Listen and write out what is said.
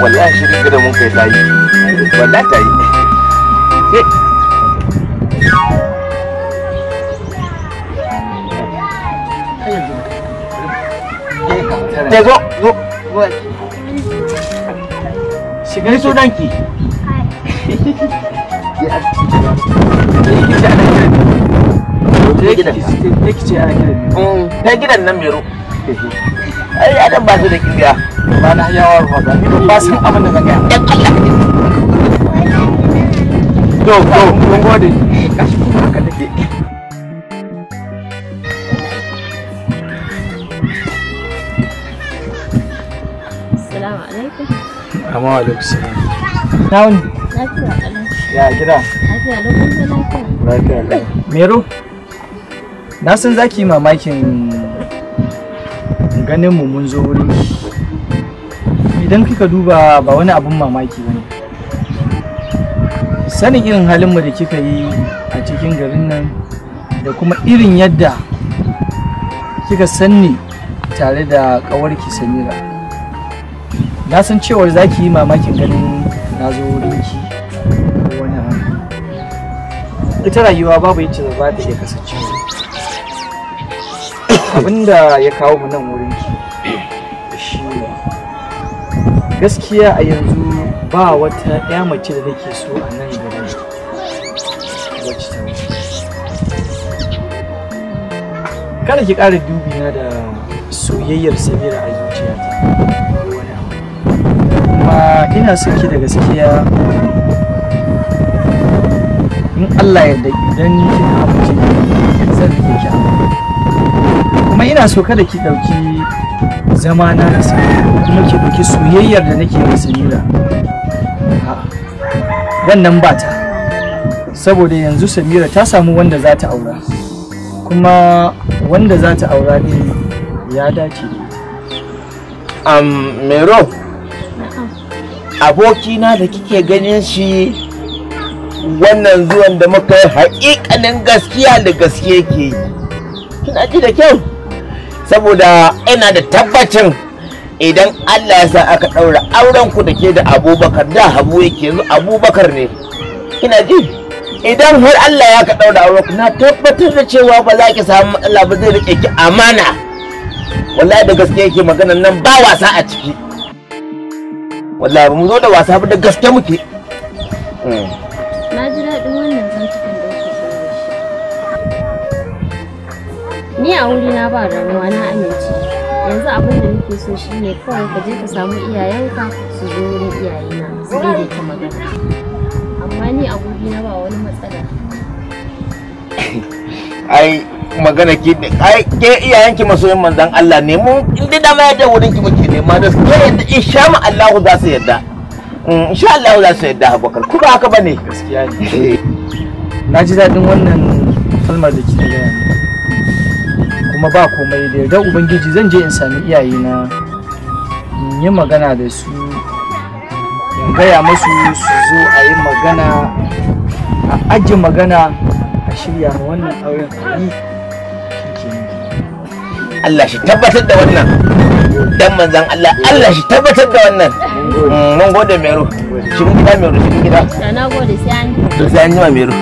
wallahi shiri da mun kai tayi wallahi tayi ta zo zo shiga so danki ta gidan nan mero ai adam ba da kimiyya ba na ni san abin da zan dan Allah to to mun gode Assalamu alaikum. alaikum Na wani? Lafiya Ya gida. Lafiya lokacin lafiya. Lafiya Na san zaki mamakin ganin mu mun zo wurin idan kika duba ba wani abun mamaki bane sanin irin halin mu da kika yi a cikin garin nan da kuma irin yadda kika sanni tare da ƙawarki samira na san cewar za ki yi mamakin ganin na zo wurinki ita rayuwa babu yacce za ta iya abinda ya kawo mu nan wurin ki shi gaskiya a yanzu ba wata ɗaya mace da nake so a nan garin wacce ta kada ki ƙara dubina da soyayyar sabira a zuciyata kuma ina son ki da gaskiya in Allah ya da idan kina amince zan yi ki ina so kada ki ɗauki zama na da kuma ki ɗauki soyayyar da nake da samira wannan ba ta saboda yanzu samira ta samu wanda za ta aura kuma wanda za ta aura ne ya dace am mero abokina da kike ganin shi wannan zuwan da muka yi haƙiƙanin gaskiya da gaske ke kina ji da kyau saboda ina da tabbacin idan Allah ya sa aka ɗaura auren ku da ke da abubakar da habu yake yanzu abubakar ne ina ji idan har Allah ya ka ɗaura auren ku na tabbatar da cewa ba za ki samu matsala ba zai riƙe ki amana wallahi da gaske yake maganan nan ba wasa a ciki wallahi mu zo da wasa ba da gaske muke hmm. ni a wuri na ba damuwa na amince yanzu abin da nake so shine kawai ka je ka samu iyayenka su zo wurin iyayena su ka magana amma ni a wuri na ba wani matsala ai magana ki ai ke iyayenki masoyin manzon Allah ne mu in dai dama yadda wurin ki muke nema da su yadda insha mu Allah za su yadda mm, insha Allah za su yadda Abubakar ku ba haka bane gaskiya ne na ji dadin wannan kalmar da kike gaya kuma ba komai da yarda ubangiji zan je in sami na in yi magana da su in gaya musu su zo a yi magana a ajiye magana a shirya ma wannan auren a Allah shi tabbatar da wannan dan manzan Allah Allah shi tabbatar da wannan mun gode mm, mero shi gida mero shi gida na gode sai an yi sai an yi mero